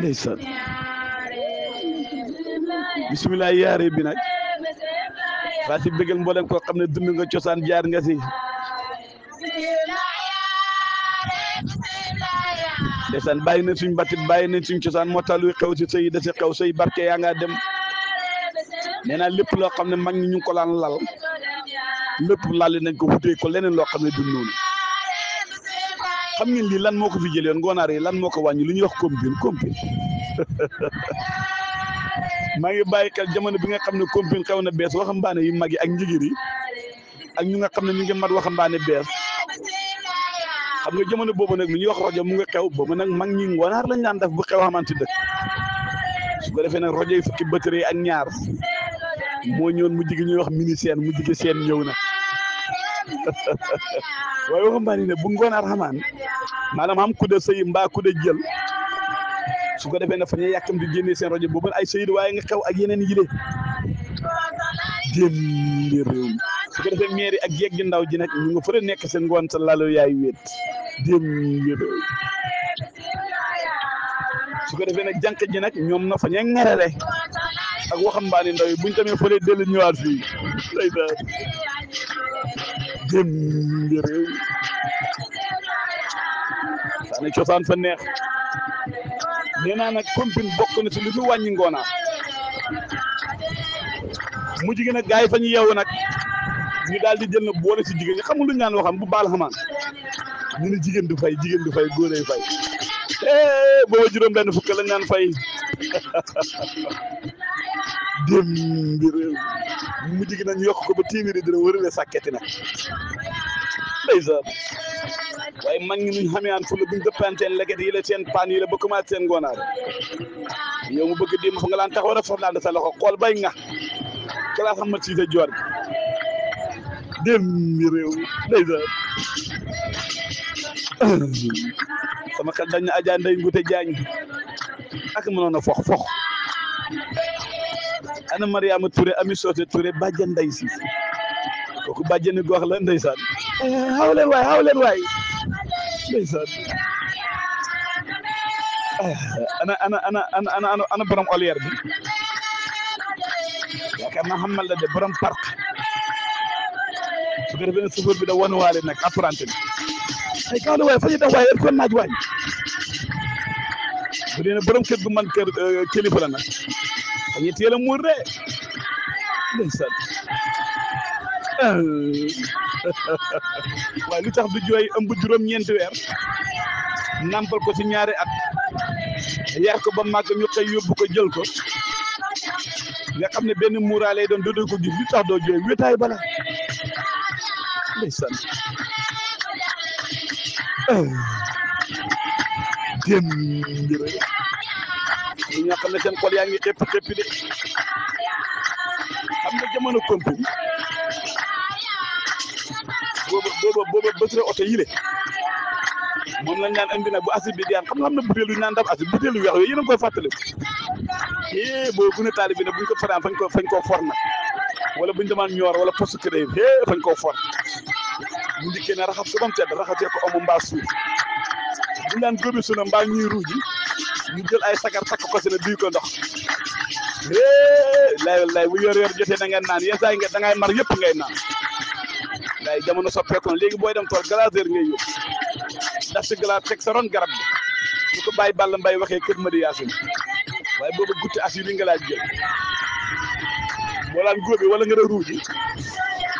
ndeysaan bisimilah yaare bi nag faa si bëggal mboolem koo xam ne dund nga cosaan jaar nga si ndeysaan bàyyi nañ suñ batit bàyyi na suñ cosaan moo tax luy xew si sëy xew sëy barke yaa nga dem nee naa lépp loo xam ne mag ñi ñu ko laan lal lépp laal nañ ko wutee ko leneen loo xam ne du xam ngeen li lan moo ko fi jëlee ngonaar yi lan moo ko wàññi lu ñuy wax kompin kompin maa ngi bàyyi xel jamono bi nga xam ne compine xew na bees waxambaane yu mag yi ak njigir yi ak ñu nga xam ne ñu ngi mat waxambaane bees xam nga jamono boobu nag lu ñuy wax rojo mu nga xew boobu nag mag ñi ngonaar lañ daan def bu xew xamante dëkk su ko defee nag rojo yi fukki bëtëre ak ñaar moo ñëwoon mu jigi ñuy wax mini seen mu jigi seen ñëw na waaye waxambaane ne bu ngoon arxamaan maanaam am kude sëy mbaa kude jël su ko defee na fa ñu yàkkam di génnee seen rajo boobu ay sëyid waaye nga xew ak yeneen yile génne réew mi su ko defee mairie ak jeeg gi ndaw ji nag ñu nga fële nekk seen ngoon sa lalo yaay wéet génne réew ji nag ñoom na fa ñu ngerale ak waxambaane ndaw yi buñ tamit fële dellu ñëwaat fii réew saane cosaan fa neex ne naa nag compine bokk na ci lu ñu wàññi ngoonaa mujj gi nag gars yi fa ñu yeewu nag ñu daal di jël na boole ci jigéen ñi xamul lu ñu naan waxam bu baal xamaan ñu ne jigéen du fay jigéen du fay góor ay fay booba juróom benn fukk lañ naan fay démbir mujj gi nañ yokk ko ba téeméeri dina wërale sàkketi nag ndeysaan waaye mag ñi nuñ aan fu la buñ dëppanteen leget yi la seen paan yi ba commencé seen ngoonaar yow mu bëgg démb fa nga laan taxaw rek foofu laan sa loxo xool bay nga kalaa xam ma siise joor bi démb réew sama xel dañ na ajaa ndey jaañ ak mënoon a fox fox ana Mariama Touré Ami Soote Touré bàjjen nday si kooku gox la ndeysaan eh, xaw leen waay xaw leen eh, ana ana ana ana ana borom olière bi yaakaar naa xamal la de borom parc su ko defee ne suufar bi da wanuwaale nag apprenti bi ay kaw la waay fa ñu def borom kër gu man kër euh, kilifa la ñetti yàlla muur de ndeysaan waaye lu tax du jooy ëmb juróom weer nampal ko ci ñaari at yar ko ba màgg ñu xëy yóbbu ko jël ko nga xam ne benn muuraay lay doon dodo ko gis lu tax doo jooy wétaay bala ndeysaan dem ñi nga xam ne seen xol yaa ngi xepp xepp de xam nga jamono kontum booba booba booba bësre oto yi le moom lañ naan indi bu asib bi di xam nga am na butéelu ñu naan dab asib butéelu weex yooyu yéen a koy fàttali eh booy bu ne taalibi ne buñ ko faraan fañ ko fañ koo for nag wala buñ demaan ñoor wala poste créé eh fañ koo for bu ndikkee ne raxas su bam tedd raxasee ko amu mbaa suuf buñ daan góobi sunu mbaa ñuy ruuji ñu jël ay sagar takk ko ci la duy ko ndox lay lay bu yor yor jotee na ngeen naan yenn saa da ngay mar yëpp ngay naan lay jamono soppeeku na léegi booy dem tool glacer ngay yóbbu ndax si glace teg sa ron garab bi bu ko bàyyi bàll mbay waxee kër ma di yaasin waaye boobu gutti as yi nga laaj jël boo laan wala nga doon ruuji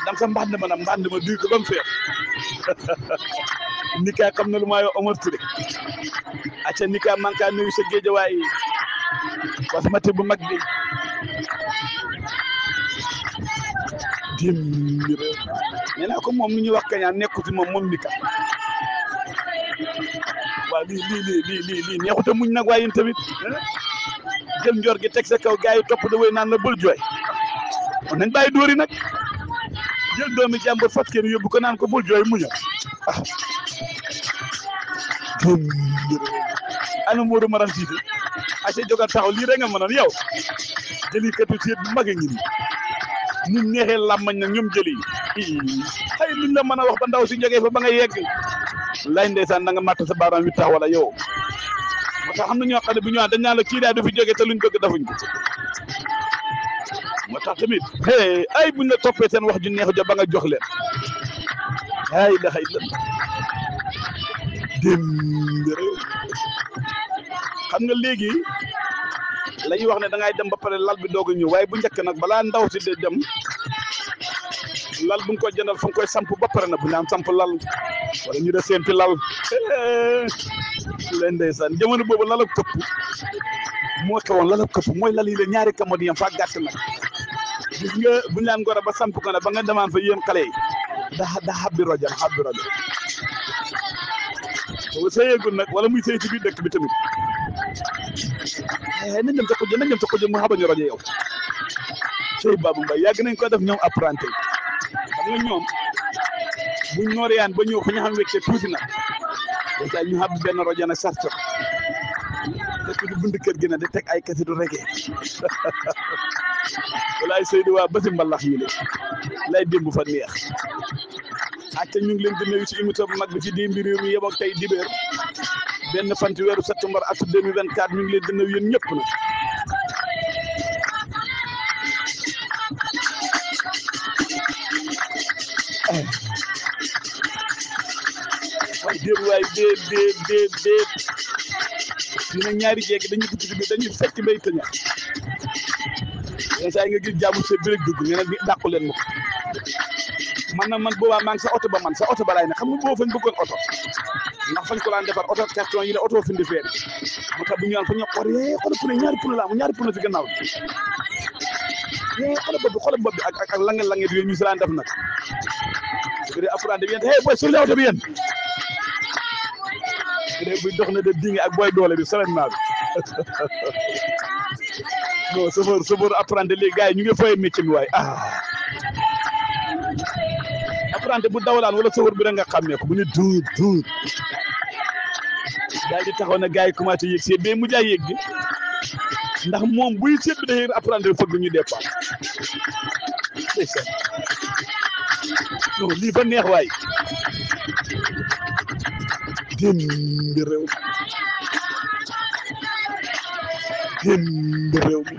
dam sa mbànd ma na mbànd ma duy ko ba mu feex ni xam na lu may Omar Touré aca nika manka nuyu sa sama te bu mag bi dimbire nee naa ko moom lu ñuy wax mom mom ni ka wa li li li li li li lii te muñ nak wayin tamit jël njor gi tek sa kaw gaay yi topp da wéy naan la bul joy on nañ bay doori nak jël doomi jambu fatke ñu yobbu ko naan ko bul joy muñu ah dimbire anu modou maram titu acca jogal taxaw li rek nga manal yow jeli katu ci magi mag ngi ni neexé lamañ nak ñom jeli ay li la mëna wax ba ndaw ci joge fa ba nga yegg ya lay ndaysan nga mat sa baram wi tax wala yow mata xamna ñoo xale bu ñëwaat dañ na la ki da du fi joge te luñu bëgg dafuñ ko tax tamit hey ay buñ la topé sen wax ju neex ja ba nga jox leen la ilaha illallah dem xam nga léegi lañuy wax ne da ngay dem ba pare lal bi doog a ñëw waaye bu njëkk nag balaa ndaw si de dem lal bu nga ko jëndal fa nga koy samp ba pare na bu naan samp lal wala ñu de seenti lal leen ndeysaan jamono boobu lal ak këpp moo xewoon lal ak këpp mooy lal yi la ñaari kamod yam faa gàtt nag gis nga bu ñu gora ba samp ko ne ba nga demaan fa yéen xale yi da da habbi rojan habbi rojan boobu sëyeegul nag wala muy sëy ci biir dëkk bi tamit Eh, nañ dem ca xuj nañ dem ñu xuj mu xabañu rajo yow sey Babou Mbaye yàgg nañ ko def ñoom apprenti xam ñoom bu ñooreyaan ba ñëw fu ñu xam wéccee na nag dèjà ñu xam benn rajo nag sarto te tuuti buntu kër gi na di teg ay kasitu regee walaay Seydou waa basi mbalax yi la lay démb fa neex ak ñu ngi leen di nuyu ci émission bu mag bi ci démb réew mi yem ak tey benn fan ci weeru septembre ak 2024 ñu ngi leen dënaw yéen ñëpp na waaye déet waay déet déet déet ñu ne ñaari jeeg dañuy dugg ci biir dañuy fekk bay tëña yenn saa yi nga gis jaamu sa biir dugg nee na dàqu leen ma ko man nag man boobaa maa ngi sa oto ba man sa oto ba laay ne xam nga boo fañ bëggoon oto ndax fañ ko daan defar oto carton yi la oto findi feer moo tax bu ñu naan fa yee xool pune ñaari pune la bi ak ak lange lange bi ñu si daan def nag su dee afraan bi yéen boy sur oto bi dox na de dingi ak booy doole bi serenement bi non chauffeur chauffeur apprenti léegi gars ñu ngi fay métier mi waaye ah apprenti bu bi da xàmmee ko bu daal di taxaw na gars yi commencé yéeg seet mais mujj a yéeg bi ndax moom buy seet bi dafay apprendre fëgg ñu départ non lii ba neex waay démb réew démb réew mi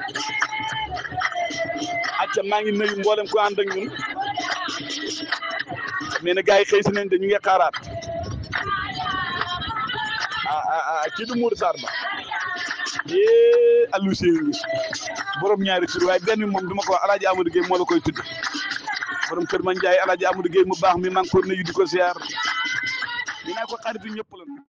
acca maa ngi nuyu mboolem ko ànd ak ñun mais na gars yi xëy si nañ de ñu ngi kii du Modou Sarr ba yee ngi borom ñaari tur waaye benn moom du ma ko wax El Hadj Amadou moo la koy tudd borom kër ma Ndiaye El Hadj Amadou mu baax mi maa ngi ko nuyu di ko ziar dinaa ko xaritu ñëpp la.